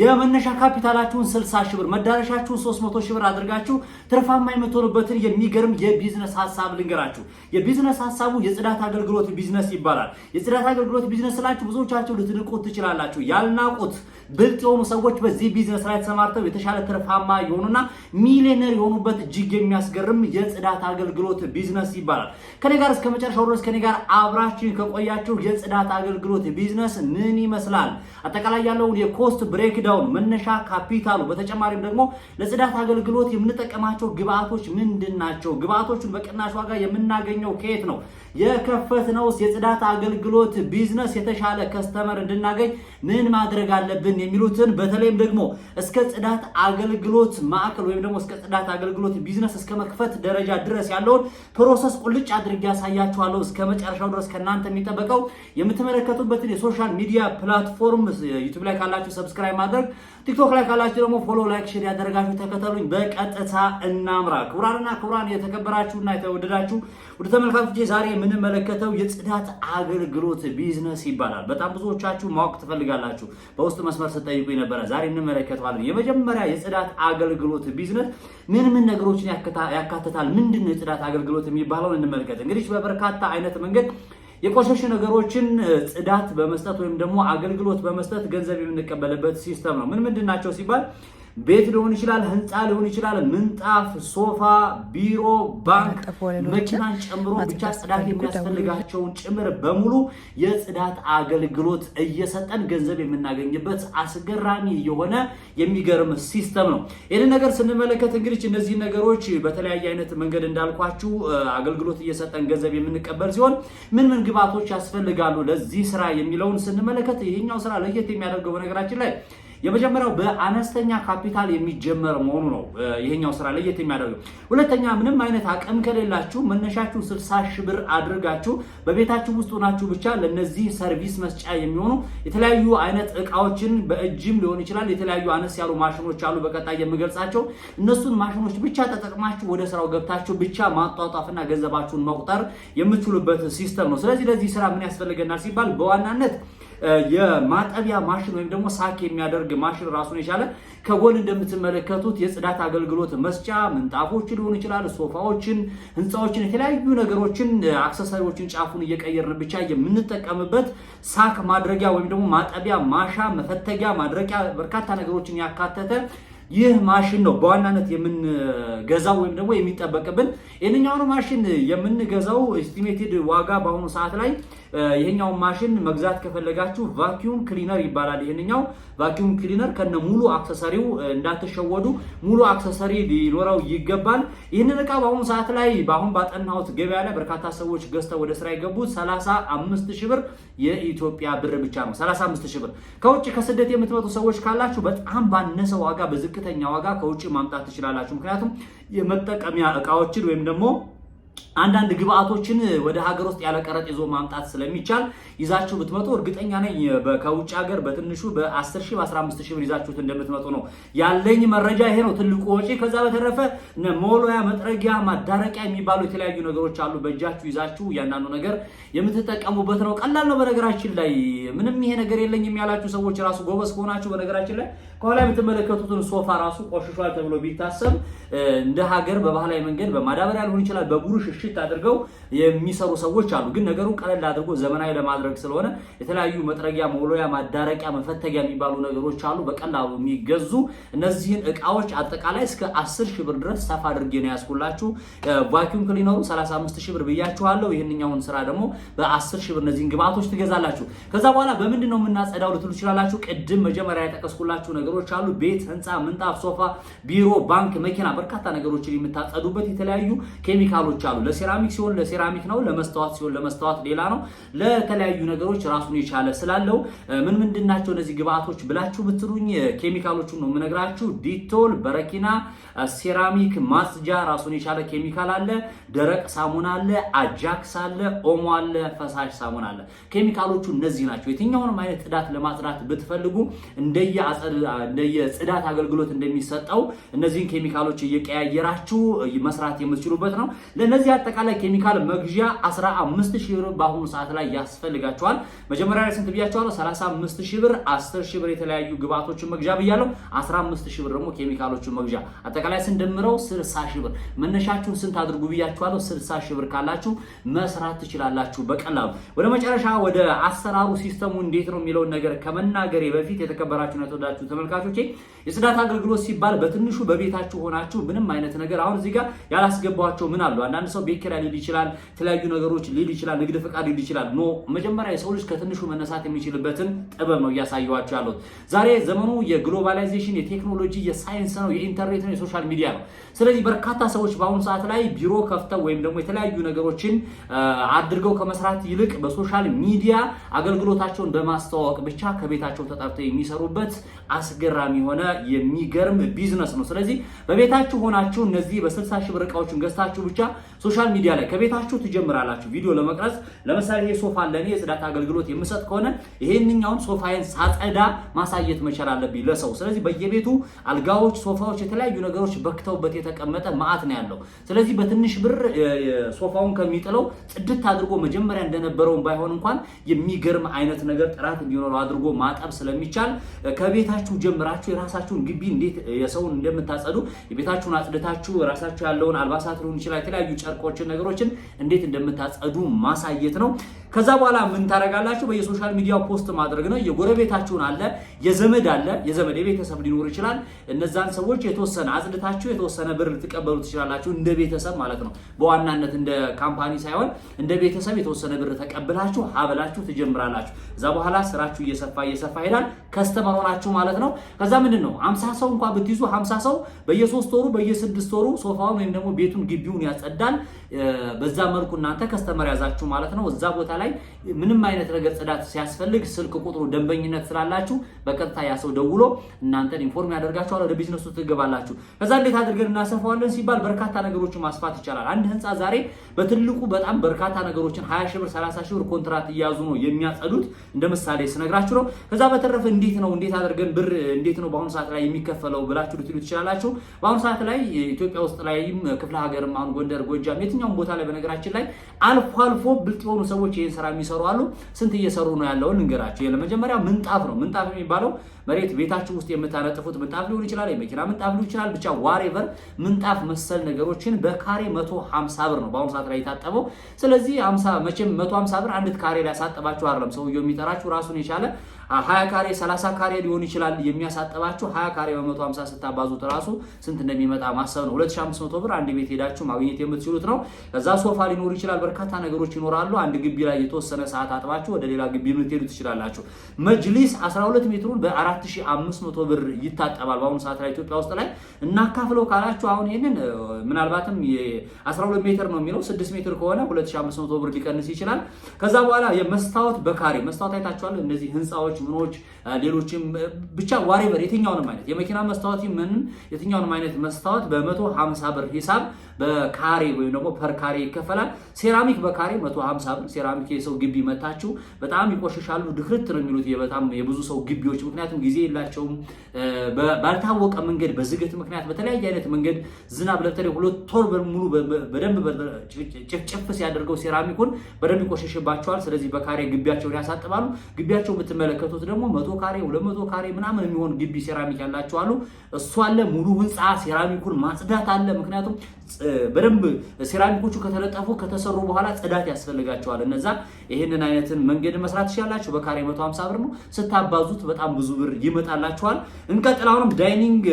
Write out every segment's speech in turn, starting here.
የመነሻ ካፒታላችሁን 60 ሺህ ብር መዳረሻችሁን 300 ሺህ ብር አድርጋችሁ ትርፋማ የምትሆኑበትን የሚገርም የቢዝነስ ሀሳብ ልንገራችሁ። የቢዝነስ ሀሳቡ የጽዳት አገልግሎት ቢዝነስ ይባላል። የጽዳት አገልግሎት ቢዝነስ ስላችሁ ብዙዎቻችሁ ልትንቁት ትችላላችሁ። ያልናቁት ብልጥ የሆኑ ሰዎች በዚህ ቢዝነስ ላይ ተሰማርተው የተሻለ ትርፋማ የሆኑና ሚሊዮነር የሆኑበት እጅግ የሚያስገርም የጽዳት አገልግሎት ቢዝነስ ይባላል። ከኔ ጋር እስከ መጨረሻው ድረስ ከኔ ጋር አብራችን ከቆያችሁ የጽዳት አገልግሎት ቢዝነስ ምን ይመስላል፣ አጠቃላይ ያለውን የኮስት ብሬክዳውን፣ መነሻ ካፒታሉ፣ በተጨማሪም ደግሞ ለጽዳት አገልግሎት የምንጠቀማቸው ግብአቶች ምንድን ናቸው፣ ግብአቶቹን በቅናሽ ዋጋ የምናገኘው ከየት ነው የከፈትነውስ የጽዳት አገልግሎት ቢዝነስ የተሻለ ከስተመር እንድናገኝ ምን ማድረግ አለብን የሚሉትን በተለይም ደግሞ እስከ ጽዳት አገልግሎት ማዕከል ወይም ደግሞ እስከ ጽዳት አገልግሎት ቢዝነስ እስከ መክፈት ደረጃ ድረስ ያለውን ፕሮሰስ ቁልጭ አድርጌ ያሳያችኋለሁ። እስከ መጨረሻው ድረስ ከእናንተ የሚጠበቀው የምትመለከቱበትን የሶሻል ሚዲያ ፕላትፎርም ዩቱብ ላይ ካላችሁ ሰብስክራይብ ማድረግ ቲክቶክ ላይ ካላችሁ ደግሞ ፎሎ፣ ላይክ፣ ሼር ያደረጋችሁ ተከተሉኝ። በቀጥታ እናምራ። ክቡራንና ክቡራን የተከበራችሁና የተወደዳችሁ ወደ ተመልካቾች ዛሬ የምንመለከተው የጽዳት አገልግሎት ቢዝነስ ይባላል። በጣም ብዙዎቻችሁ ማወቅ ትፈልጋላችሁ። በውስጥ መስመር ስጠይቁ ነበረ። ዛሬ እንመለከተዋለን። የመጀመሪያ የጽዳት አገልግሎት ቢዝነስ ምን ምን ነገሮችን ያካትታል? ምንድን ነው የጽዳት አገልግሎት የሚባለውን እንመልከት። እንግዲህ በበርካታ አይነት መንገድ የቆሸሹ ነገሮችን ጽዳት በመስጠት ወይም ደግሞ አገልግሎት በመስጠት ገንዘብ የምንቀበልበት ሲስተም ነው። ምን ምንድን ናቸው ሲባል ቤት ሊሆን ይችላል፣ ህንፃ ሊሆን ይችላል፣ ምንጣፍ፣ ሶፋ፣ ቢሮ፣ ባንክ፣ መኪናን ጨምሮ ብቻ ጽዳት የሚያስፈልጋቸውን ጭምር በሙሉ የጽዳት አገልግሎት እየሰጠን ገንዘብ የምናገኝበት አስገራሚ የሆነ የሚገርም ሲስተም ነው። ይህንን ነገር ስንመለከት እንግዲህ እነዚህ ነገሮች በተለያየ አይነት መንገድ እንዳልኳችሁ አገልግሎት እየሰጠን ገንዘብ የምንቀበል ሲሆን ምን ምን ግብዓቶች ያስፈልጋሉ ለዚህ ስራ የሚለውን ስንመለከት ይሄኛው ስራ ለየት የሚያደርገው በነገራችን ላይ የመጀመሪያው በአነስተኛ ካፒታል የሚጀመር መሆኑ ነው ይሄኛው ስራ ለየት የሚያደርገው። ሁለተኛ ምንም አይነት አቅም ከሌላችሁ መነሻችሁ ስልሳ ሺህ ብር አድርጋችሁ በቤታችሁ ውስጥ ሆናችሁ ብቻ ለነዚህ ሰርቪስ መስጫ የሚሆኑ የተለያዩ አይነት እቃዎችን በእጅም ሊሆን ይችላል የተለያዩ አነስ ያሉ ማሽኖች አሉ፣ በቀጣይ የምገልጻቸው እነሱን ማሽኖች ብቻ ተጠቅማችሁ ወደ ስራው ገብታችሁ ብቻ ማጧጧፍና ገንዘባችሁን መቁጠር የምትችሉበት ሲስተም ነው። ስለዚህ ለዚህ ስራ ምን ያስፈልገናል ሲባል በዋናነት የማጠቢያ ማሽን ወይም ደግሞ ሳክ የሚያደርግ ማሽን ራሱን የቻለ ከጎን እንደምትመለከቱት የጽዳት አገልግሎት መስጫ ምንጣፎች ሊሆን ይችላል፣ ሶፋዎችን፣ ህንፃዎችን፣ የተለያዩ ነገሮችን አክሰሰሪዎችን ጫፉን እየቀየርን ብቻ የምንጠቀምበት ሳክ ማድረጊያ ወይም ደግሞ ማጠቢያ ማሻ፣ መፈተጊያ፣ ማድረቂያ በርካታ ነገሮችን ያካተተ ይህ ማሽን ነው በዋናነት የምንገዛው ወይም ደግሞ የሚጠበቅብን። ይህንኛውን ማሽን የምንገዛው ኤስቲሜትድ ዋጋ በአሁኑ ሰዓት ላይ ይህኛውን ማሽን መግዛት ከፈለጋችሁ ቫኪዩም ክሊነር ይባላል። ይህንኛው ቫኪዩም ክሊነር ከነ ሙሉ አክሰሰሪው እንዳትሸወዱ፣ ሙሉ አክሰሰሪ ሊኖረው ይገባል። ይህንን እቃ በአሁኑ ሰዓት ላይ በአሁን ባጠናሁት ገበያ ላይ በርካታ ሰዎች ገዝተው ወደ ስራ የገቡት 35 ሺህ ብር የኢትዮጵያ ብር ብቻ ነው። 35 ሺህ ብር። ከውጭ ከስደት የምትመጡ ሰዎች ካላችሁ በጣም ባነሰ ዋጋ በዝቅ በዝቅተኛ ዋጋ ከውጭ ማምጣት ትችላላችሁ። ምክንያቱም የመጠቀሚያ እቃዎችን ወይም ደግሞ አንዳንድ ግብአቶችን ወደ ሀገር ውስጥ ያለ ቀረጥ ይዞ ማምጣት ስለሚቻል ይዛችሁ ብትመጡ እርግጠኛ ነኝ ከውጭ ሀገር በትንሹ በ10 ሺህ በ15 ሺህ ብር ይዛችሁት እንደምትመጡ ነው ያለኝ መረጃ። ይሄ ነው ትልቁ ወጪ። ከዛ በተረፈ ሞሎያ መጥረጊያ፣ ማዳረቂያ የሚባሉ የተለያዩ ነገሮች አሉ። በእጃችሁ ይዛችሁ እያንዳንዱ ነገር የምትጠቀሙበት ነው። ቀላል ነው። በነገራችን ላይ ምንም ይሄ ነገር የለኝም ያላችሁ ሰዎች ራሱ ጎበዝ ከሆናችሁ በነገራችን ላይ ከኋላ የምትመለከቱትን ሶፋ ራሱ ቆሽሿል ተብሎ ቢታሰብ እንደ ሀገር በባህላዊ መንገድ በማዳበሪያ ሊሆን ይችላል በቡሩሽ እሽት አድርገው የሚሰሩ ሰዎች አሉ። ግን ነገሩን ቀለል አድርጎ ዘመናዊ ለማድረግ ስለሆነ የተለያዩ መጥረጊያ፣ መውለያ፣ ማዳረቂያ፣ መፈተጊያ የሚባሉ ነገሮች አሉ በቀላሉ የሚገዙ እነዚህን እቃዎች አጠቃላይ እስከ 10 ሺህ ብር ድረስ ሰፋ አድርጌ ነው ያስኩላችሁ። ቫኪዩም ክሊነሩ 35 ሺህ ብር ብያችኋለሁ። ይህንኛውን ስራ ደግሞ በ10 ሺህ ብር እነዚህን ግብአቶች ትገዛላችሁ። ከዛ በኋላ በምንድን ነው የምናጸዳው ልትሉ ትችላላችሁ። ቅድም መጀመሪያ የጠቀስኩላችሁ ነገሮች አሉ። ቤት፣ ህንፃ፣ ምንጣፍ፣ ሶፋ፣ ቢሮ፣ ባንክ፣ መኪና፣ በርካታ ነገሮችን የምታጸዱበት የተለያዩ ኬሚካሎች አሉ ለሴራሚክ ሲሆን ለሴራ ለሴራሚክ ነው፣ ለመስተዋት ሲሆን ለመስተዋት ሌላ ነው። ለተለያዩ ነገሮች ራሱን የቻለ ስላለው ምን ምንድን ናቸው እነዚህ ግብአቶች ብላችሁ ብትሉኝ ኬሚካሎቹ ነው የምነግራችሁ። ዲቶል፣ በረኪና፣ ሴራሚክ ማጽጃ ራሱን የቻለ ኬሚካል አለ፣ ደረቅ ሳሙና አለ፣ አጃክስ አለ፣ ኦሞ አለ፣ ፈሳሽ ሳሙና አለ። ኬሚካሎቹ እነዚህ ናቸው። የትኛውንም አይነት ጽዳት ለማጽዳት ብትፈልጉ እንደየጽዳት አገልግሎት እንደሚሰጠው እነዚህን ኬሚካሎች እየቀያየራችሁ መስራት የምትችሉበት ነው። ለእነዚህ አጠቃላይ ኬሚካል መግዣ 150 ሺህ ብር በአሁኑ ሰዓት ላይ ያስፈልጋቸዋል። መጀመሪያ ላይ ስንት ብያቸዋለሁ? 35 ሺህ ብር፣ 10 ሺህ ብር የተለያዩ ግብዓቶችን መግዣ ብያለሁ። 15 ሺህ ብር ደግሞ ኬሚካሎችን መግዣ አጠቃላይ ስንደምረው 60 ሺህ ብር። መነሻችሁን ስንት አድርጉ ብያቸዋለሁ? 60 ሺህ ብር ካላችሁ መስራት ትችላላችሁ በቀላሉ። ወደ መጨረሻ ወደ አሰራሩ ሲስተሙ እንዴት ነው የሚለውን ነገር ከመናገሬ በፊት ነው የተወዳችሁ ተመልካቾቼ የጽዳት አገልግሎት ሲባል በትንሹ በቤታችሁ ሆናችሁ ምንም አይነት ነገር አሁን እዚህ ጋር ያላስገባቸው ምን አሉ? አንዳንድ ሰው ቤት ኪራይ ሊል ይችላል። የተለያዩ ነገሮች ሊል ይችላል፣ ንግድ ፈቃድ ሊል ይችላል። ኖ መጀመሪያ የሰው ልጅ ከትንሹ መነሳት የሚችልበትን ጥበብ ነው እያሳየኋቸው ያሉት። ዛሬ ዘመኑ የግሎባላይዜሽን፣ የቴክኖሎጂ፣ የሳይንስ ነው፣ የኢንተርኔት ነው፣ የሶሻል ሚዲያ ነው። ስለዚህ በርካታ ሰዎች በአሁኑ ሰዓት ላይ ቢሮ ከፍተው ወይም ደግሞ የተለያዩ ነገሮችን አድርገው ከመስራት ይልቅ በሶሻል ሚዲያ አገልግሎታቸውን በማስተዋወቅ ብቻ ከቤታቸው ተጠርተው የሚሰሩበት አስገራሚ የሆነ የሚገርም ቢዝነስ ነው። ስለዚህ በቤታችሁ ሆናችሁ እነዚህ በ60 ሺህ ብር እቃዎችን ገዝታችሁ ብቻ ሶሻል ሚዲያ ላይ ከቤታችሁ ከራሳችሁ ትጀምራላችሁ። ቪዲዮ ለመቅረጽ ለምሳሌ ይሄ ሶፋ ለእኔ የጽዳት አገልግሎት የምሰጥ ከሆነ ይሄንኛውን ሶፋዬን ሳጸዳ ማሳየት መቻል አለብኝ ለሰው። ስለዚህ በየቤቱ አልጋዎች፣ ሶፋዎች፣ የተለያዩ ነገሮች በክተውበት የተቀመጠ ማአት ነው ያለው። ስለዚህ በትንሽ ብር ሶፋውን ከሚጥለው ጽድት አድርጎ መጀመሪያ እንደነበረውን ባይሆን እንኳን የሚገርም አይነት ነገር ጥራት እንዲኖረው አድርጎ ማጠብ ስለሚቻል ከቤታችሁ ጀምራችሁ የራሳችሁን ግቢ እንዴት የሰውን እንደምታጸዱ የቤታችሁን አጽድታችሁ ራሳችሁ ያለውን አልባሳት ሊሆን ይችላል የተለያዩ ጨርቆችን ነገሮችን እንዴት እንደምታጸዱ ማሳየት ነው። ከዛ በኋላ ምን ታደርጋላችሁ? በየሶሻል ሚዲያው ፖስት ማድረግ ነው። የጎረቤታችሁን አለ፣ የዘመድ አለ፣ የዘመድ የቤተሰብ ሊኖር ይችላል። እነዛን ሰዎች የተወሰነ አጽድታችሁ የተወሰነ ብር ልትቀበሉ ትችላላችሁ፣ እንደ ቤተሰብ ማለት ነው። በዋናነት እንደ ካምፓኒ ሳይሆን እንደ ቤተሰብ የተወሰነ ብር ተቀብላችሁ ሀበላችሁ ትጀምራላችሁ። እዛ በኋላ ስራችሁ እየሰፋ እየሰፋ ይሄዳል፣ ከስተመር ሆናችሁ ማለት ነው። ከዛ ምንድን ነው ሀምሳ ሰው እንኳ ብትይዙ ሀምሳ ሰው በየሶስት ወሩ በየስድስት ወሩ ሶፋውን ወይም ደግሞ ቤቱን ግቢውን ያጸዳል። በዛ መልኩ እናንተ ከስተመር ያዛችሁ ማለት ነው እዛ ቦታ ላይ ምንም አይነት ነገር ጽዳት ሲያስፈልግ ስልክ ቁጥሩ ደንበኝነት ስላላችሁ በቀጥታ ያ ሰው ደውሎ እናንተን ኢንፎርም ያደርጋችኋል። ወደ ቢዝነሱ ትገባላችሁ። ከዛ እንዴት አድርገን እናሰፋዋለን ሲባል በርካታ ነገሮችን ማስፋት ይቻላል። አንድ ህንፃ ዛሬ በትልቁ በጣም በርካታ ነገሮችን 20 ሺህ ብር፣ 30 ሺህ ብር ኮንትራት እያዙ ነው የሚያጸዱት። እንደ ምሳሌ ስነግራችሁ ነው። ከዛ በተረፈ እንዴት ነው እንዴት አድርገን ብር እንዴት ነው በአሁኑ ሰዓት ላይ የሚከፈለው ብላችሁ ልትሉ ትችላላችሁ። በአሁኑ ሰዓት ላይ ኢትዮጵያ ውስጥ ላይም ክፍለ ሀገርም አሁን ጎንደር፣ ጎጃም የትኛውም ቦታ ላይ በነገራችን ላይ አልፎ አልፎ ብልጥ የሆኑ ሰዎች ይህን ስራ የሚሰሩ አሉ። ስንት እየሰሩ ነው ያለውን እንገራቸው። ለመጀመሪያ ምንጣፍ ነው። ምንጣፍ የሚባለው መሬት ቤታችሁ ውስጥ የምታነጥፉት ምንጣፍ ሊሆን ይችላል፣ የመኪና ምንጣፍ ሊሆን ይችላል። ብቻ ዋሬቨር ምንጣፍ መሰል ነገሮችን በካሬ 150 ብር ነው በአሁኑ ሰዓት ላይ የታጠበው። ስለዚህ 50 መቼም 150 ብር አንድት ካሬ ላይ ያሳጠባችሁ አይደለም ሰውየው የሚጠራችሁ ራሱን የቻለ 20 ካሬ 30 ካሬ ሊሆን ይችላል የሚያሳጠባችሁ። 20 ካሬ በ150 ስታባዙት ራሱ ስንት እንደሚመጣ ማሰብ ነው። 2500 ብር አንድ ቤት ሄዳችሁ ማግኘት የምትችሉት ነው። ከዛ ሶፋ ሊኖር ይችላል፣ በርካታ ነገሮች ይኖራሉ። አንድ ግቢ ላይ የተወሰነ ሰዓት አጥባችሁ ወደ ሌላ ግቢ ምትሄዱ ትችላላችሁ። መጅሊስ 12 ሜትሩን በ 4,500 ብር ይታጠባል በአሁኑ ሰዓት ላይ ኢትዮጵያ ውስጥ ላይ እናካፍለው ካላችሁ አሁን ይህንን ምናልባትም 12 ሜትር ነው የሚለው 6 ሜትር ከሆነ 2500 ብር ሊቀንስ ይችላል። ከዛ በኋላ የመስታወት በካሬ መስታወት አይታችኋል። እነዚህ ህንፃዎች ምኖች፣ ሌሎችም ብቻ ዋሬቨር የትኛውንም አይነት የመኪና መስታወት ምን የትኛውንም አይነት መስታወት በ150 ብር ሂሳብ በካሬ ወይም ደግሞ ፐር ካሬ ይከፈላል። ሴራሚክ በካሬ 150 ብር። ሴራሚክ የሰው ግቢ መታችሁ በጣም ይቆሽሻሉ። ድክርት ነው የሚሉት በጣም የብዙ ሰው ግቢዎች ምክንያቱም ጊዜ የላቸውም። ባልታወቀ መንገድ በዝገት ምክንያት በተለያየ አይነት መንገድ ዝናብ ለተለይ ሁለት ቶር በሙሉ በደንብ ጭፍጭፍ ሲያደርገው ሴራሚኩን በደንብ ይቆሸሽባቸዋል። ስለዚህ በካሬ ግቢያቸውን ያሳጥባሉ። ግቢያቸው የምትመለከቱት ደግሞ መቶ ካሬ ሁለት መቶ ካሬ ምናምን የሚሆን ግቢ ሴራሚክ ያላቸው አሉ። እሱ አለ ሙሉ ህንፃ ሴራሚኩን ማጽዳት አለ። ምክንያቱም በደንብ ሴራሚኮቹ ከተለጠፉ ከተሰሩ በኋላ ጽዳት ያስፈልጋቸዋል። እነዛ ይህንን አይነትን መንገድ መስራት ትችላላችሁ። በካሬ 150 ብር ነው። ስታባዙት በጣም ብዙ ብር ብር ይመጣላችኋል። እንቀጥል። አሁንም ዳይኒንግ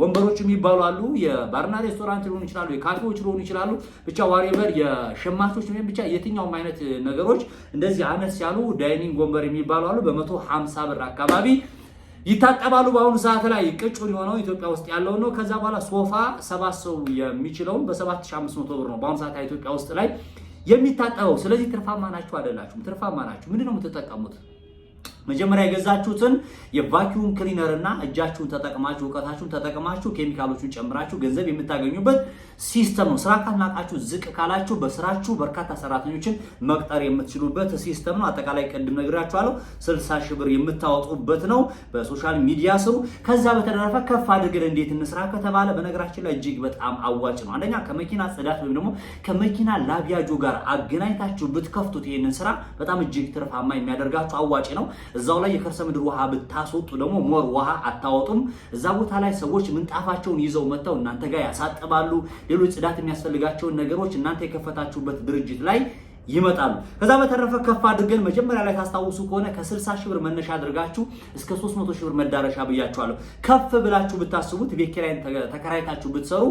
ወንበሮች የሚባሉ አሉ። የባርና ሬስቶራንት ሊሆኑ ይችላሉ፣ የካፌዎች ሊሆኑ ይችላሉ። ብቻ ዋሬቨር የሸማቾች ወይም ብቻ የትኛውም አይነት ነገሮች እንደዚህ አነስ ያሉ ዳይኒንግ ወንበር የሚባሉ አሉ በመቶ ሀምሳ ብር አካባቢ ይታጠባሉ። በአሁኑ ሰዓት ላይ ቅጩን የሆነው ኢትዮጵያ ውስጥ ያለው ነው። ከዛ በኋላ ሶፋ ሰባት ሰው የሚችለውን በ7500 ብር ነው በአሁኑ ሰዓት ኢትዮጵያ ውስጥ ላይ የሚታጠበው። ስለዚህ ትርፋማ ናችሁ አይደላችሁም? ትርፋማ ናችሁ። ምንድን ነው የምትጠቀሙት? መጀመሪያ የገዛችሁትን የቫኪዩም ክሊነር እና እጃችሁን ተጠቅማችሁ እውቀታችሁን ተጠቅማችሁ ኬሚካሎቹን ጨምራችሁ ገንዘብ የምታገኙበት ሲስተም ነው። ስራ ካናቃችሁ ዝቅ ካላችሁ በስራችሁ በርካታ ሰራተኞችን መቅጠር የምትችሉበት ሲስተም ነው። አጠቃላይ ቅድም ነግራችኋለሁ፣ 60 ሺህ ብር የምታወጡበት ነው። በሶሻል ሚዲያ ስሩ። ከዛ በተደረፈ ከፍ አድርገን እንዴት እንስራ ከተባለ በነገራችን ላይ እጅግ በጣም አዋጭ ነው። አንደኛ ከመኪና ጽዳት ወይም ደግሞ ከመኪና ላቢያጆ ጋር አገናኝታችሁ ብትከፍቱት ይህንን ስራ በጣም እጅግ ትርፋማ የሚያደርጋችሁ አዋጭ ነው። እዛው ላይ የከርሰ ምድር ውሃ ብታስወጡ ደግሞ ሞር ውሃ አታወጡም። እዛ ቦታ ላይ ሰዎች ምንጣፋቸውን ይዘው መጥተው እናንተ ጋር ያሳጥባሉ። ሌሎች ጽዳት የሚያስፈልጋቸውን ነገሮች እናንተ የከፈታችሁበት ድርጅት ላይ ይመጣሉ። ከዛ በተረፈ ከፍ አድርገን መጀመሪያ ላይ ታስታውሱ ከሆነ ከ60 ሺህ ብር መነሻ አድርጋችሁ እስከ 300 ሺህ ብር መዳረሻ ብያችኋለሁ። ከፍ ብላችሁ ብታስቡት ቤት ኪራይን ተከራይታችሁ ብትሰሩ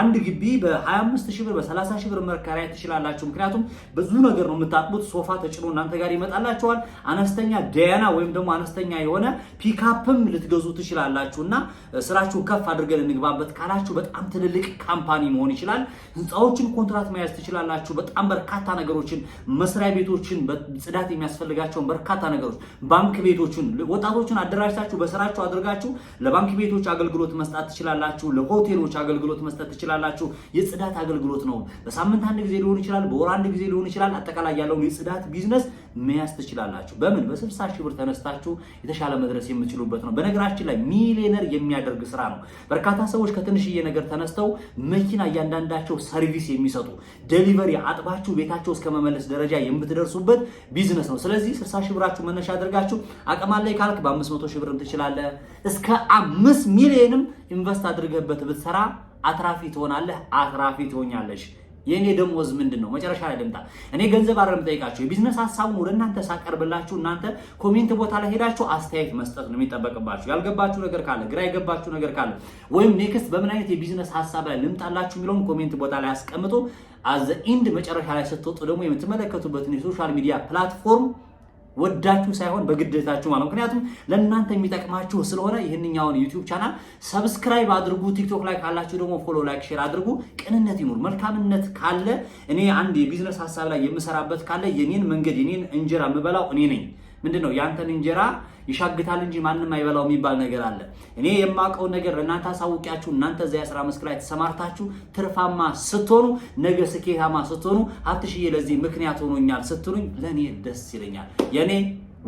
አንድ ግቢ በ25 ሺህ ብር በ30 ሺህ ብር መከራየት ትችላላችሁ። ምክንያቱም ብዙ ነገር ነው የምታጥቡት። ሶፋ ተጭኖ እናንተ ጋር ይመጣላችኋል። አነስተኛ ዳያና ወይም ደግሞ አነስተኛ የሆነ ፒካፕም ልትገዙ ትችላላችሁ። እና ስራችሁን ከፍ አድርገን እንግባበት ካላችሁ በጣም ትልልቅ ካምፓኒ መሆን ይችላል። ህንፃዎችን ኮንትራት መያዝ ትችላላችሁ። በጣም በርካታ ነገሮች ቤቶችን፣ መስሪያ ቤቶችን፣ ጽዳት የሚያስፈልጋቸውን በርካታ ነገሮች፣ ባንክ ቤቶችን፣ ወጣቶችን አደራጅታችሁ በስራችሁ አድርጋችሁ ለባንክ ቤቶች አገልግሎት መስጣት ትችላላችሁ። ለሆቴሎች አገልግሎት መስጠት ትችላላችሁ። የጽዳት አገልግሎት ነው። በሳምንት አንድ ጊዜ ሊሆን ይችላል፣ በወር አንድ ጊዜ ሊሆን ይችላል። አጠቃላይ ያለውን የጽዳት ቢዝነስ መያዝ ትችላላችሁ። በምን በስልሳ ሺህ ብር ተነስታችሁ የተሻለ መድረስ የምትችሉበት ነው። በነገራችን ላይ ሚሊዮነር የሚያደርግ ስራ ነው። በርካታ ሰዎች ከትንሽዬ ነገር ተነስተው መኪና እያንዳንዳቸው ሰርቪስ የሚሰጡ ደሊቨሪ አጥባችሁ ቤታቸው እስከመመለስ ደረጃ የምትደርሱበት ቢዝነስ ነው። ስለዚህ ስልሳ ሺህ ብራችሁ መነሻ አድርጋችሁ አቅም አለኝ ካልክ በአምስት መቶ ሺህ ብርም ትችላለህ። እስከ አምስት ሚሊዮንም ኢንቨስት አድርገህበት ብትሰራ አትራፊ ትሆናለህ፣ አትራፊ ትሆኛለሽ። የእኔ ደሞዝ ምንድን ነው? መጨረሻ ላይ ልምጣ። እኔ ገንዘብ አረም ጠይቃችሁ የቢዝነስ ሀሳቡን ወደ እናንተ ሳቀርብላችሁ እናንተ ኮሜንት ቦታ ላይ ሄዳችሁ አስተያየት መስጠት ነው የሚጠበቅባችሁ። ያልገባችሁ ነገር ካለ፣ ግራ የገባችሁ ነገር ካለ ወይም ኔክስት በምን አይነት የቢዝነስ ሀሳብ ላይ ልምጣላችሁ የሚለውን ኮሜንት ቦታ ላይ አስቀምጡ። አዘ ኢንድ መጨረሻ ላይ ስትወጡ ደግሞ የምትመለከቱበትን የሶሻል ሚዲያ ፕላትፎርም ወዳችሁ ሳይሆን በግዴታችሁ ማለት ምክንያቱም ለእናንተ የሚጠቅማችሁ ስለሆነ ይህንኛውን ዩቲዩብ ቻናል ሰብስክራይብ አድርጉ። ቲክቶክ ላይ ካላችሁ ደግሞ ፎሎ፣ ላይክ፣ ሼር አድርጉ። ቅንነት ይኑር። መልካምነት ካለ እኔ አንድ የቢዝነስ ሀሳብ ላይ የምሰራበት ካለ የኔን መንገድ የኔን እንጀራ የምበላው እኔ ነኝ። ምንድን ነው ያንተን እንጀራ ይሻግታል እንጂ ማንም አይበላው የሚባል ነገር አለ። እኔ የማውቀው ነገር ለእናንተ አሳውቂያችሁ እናንተ እዚያ የስራ መስክ ላይ ተሰማርታችሁ ትርፋማ ስትሆኑ፣ ነገ ስኬታማ ስትሆኑ፣ ሀብትሽዬ ለዚህ ምክንያት ሆኖኛል ስትሉኝ ለእኔ ደስ ይለኛል። የእኔ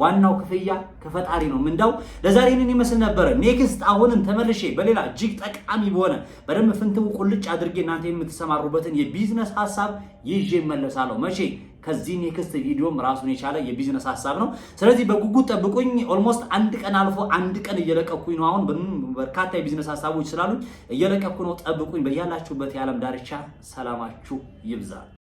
ዋናው ክፍያ ከፈጣሪ ነው። ምንዳው ለዛሬ ይህንን ይመስል ነበረ። ኔክስት አሁንም ተመልሼ በሌላ እጅግ ጠቃሚ በሆነ በደንብ ፍንትው ቁልጭ አድርጌ እናንተ የምትሰማሩበትን የቢዝነስ ሀሳብ ይዤ እመለሳለሁ። መቼ ከዚህ ኔክስት ቪዲዮም ራሱን የቻለ የቢዝነስ ሀሳብ ነው። ስለዚህ በጉጉት ጠብቁኝ። ኦልሞስት አንድ ቀን አልፎ አንድ ቀን እየለቀኩኝ ነው። አሁን በርካታ የቢዝነስ ሀሳቦች ስላሉኝ እየለቀኩ ነው። ጠብቁኝ። በያላችሁበት የዓለም ዳርቻ ሰላማችሁ ይብዛል።